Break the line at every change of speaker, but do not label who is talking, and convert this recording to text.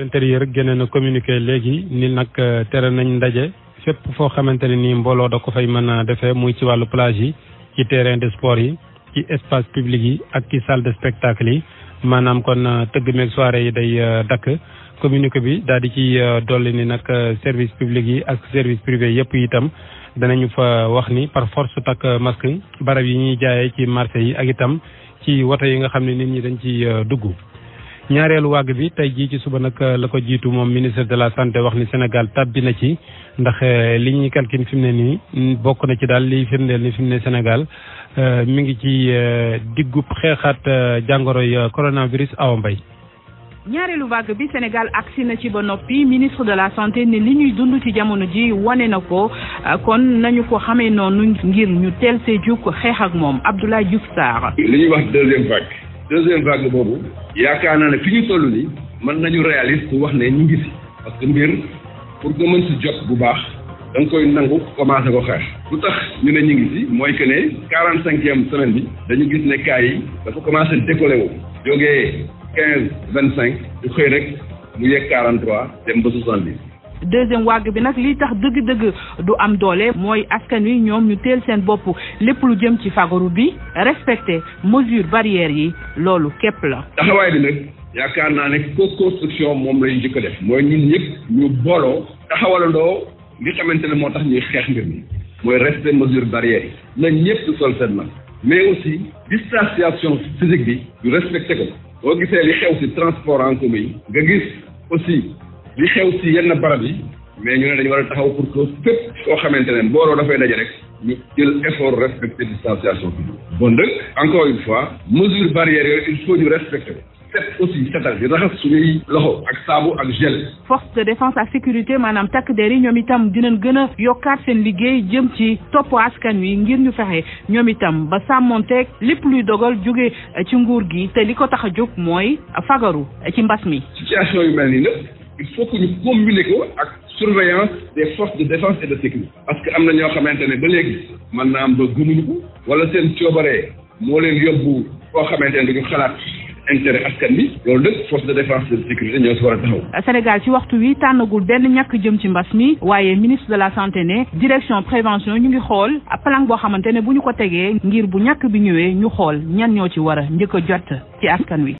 l'intérieur génne na communiqué léegi ni nag euh, tere nañ ndaje fépp foo xamante ne nii mbooloo da ko fay mën a defee muy ci wàllu plage yi ci terrain de sport yi ci espace public yi ak ci salle de spectacle yi maanaam kon euh, tëgg meeg soirée yi day euh, dakk communiqué bi daal di ci dolli ni nag service public yi ak service privé yëpp itam dana ñu fa wax ni par force takk masque barab yi ñuy jaayee ci marché yi ak itam ci woto yi nga xam ne nit ñi dañ ci dugg ñaareelu wàgg bi tey jii ci suba nag la ko jiitu moom ministre de la santé wax ni Sénégal tàbbi na ci ndax eh, li ñuy calcul fi mu ne nii mm, bokk na ci daal liy firndeel ni fi mu ne Sénégal eh, mu ngi ci eh, diggub xeexaat jàngoroy coronavirus awa mbay.
ñaareelu vague bi Sénégal agsi na ci ba noppi ministre de la santé ne li ñuy dund ci jamono ji wane na ko kon nañu ko xamee noonu ngir ñu teel see jug xeex ak moom Abdoulaye Diouf Sarr.
deuxième vague boobu yaakaar naa ne fi ñu toll nii mën nañu réaliste wax nee ñu ngi si parce que mbir pour nga mën si jot bu baax da koy nangu commencé ko xeex lu tax ñu ne ñu ngi si mooy que ne quarante cinquième semaine bi dañu gis ne cas yi dafa commencé décollé wu jógee quinze vingt cinq ñu xëy rek mu yegg quarante trois dem ba soixante dix
deuxième wàgg bi nag li tax dëgg-dëgg du am doole mooy askan wi ñoom ñu teel seen bopp lépp lu jëm ci fagaru bi respecter mesure barrière yi loolu képp la. taxawaay bi
nag yaakaar naa ne co-construction moom lay njëkk a def. mooy ñun ñëpp ñu booloo. taxawalandoo ngi xamante ne moo tax ñuy xeex mbir mi. mooy respect mesure barrière yi. na ñëpp sol seen man mais aussi distanciation physique bi. ñu respecté ko. boo gisee li xew si transport en commun yi. nga gis aussi. li xew si yenn barab yi mais ñu ne dañu war a taxaw pour que fépp soo xamante ne mbooloo dafay daje rek ñu jël effort respecter distanciation bi bon dëgg encore une fois mesure barrière yooyu il faut ñu respecter ko aussi setal di raxas suñuy loxo ak saabu ak gel
force de défense ak sécurité maanaam takk der yi ñoom itam dinañ gën a yokkaat seen liggéey jëm ci topp askan wi ngir ñu fexe ñoom itam ba sàmmonteeg lépp luy dogal jóge ci nguur gi te li ko tax a jóg mooy fagaru ci mbas mi
yu mel il faut que ñu combiner ko ak surveillance des forces de défense et de sécurité parce que am na ñoo xamante ne ba léegi mën naa am ba gëmuñu ko wala seen coobaree moo leen yóbbu koo xamante ne dañu xalaat intérêt askan bi loolu nag force de défense de sécurité ñoo si war a taxaw.
Sénégal ci waxtu wi tànnagul benn ñàkk jëm ci mbas mi waaye ministre de la santé ne direction prévention ñu ngi xool plan boo xamante ne bu ñu ko tegee ngir bu ñàkk bi ñëwee ñu xool ñan ñoo ci war a njëkk a jot ci askan wi.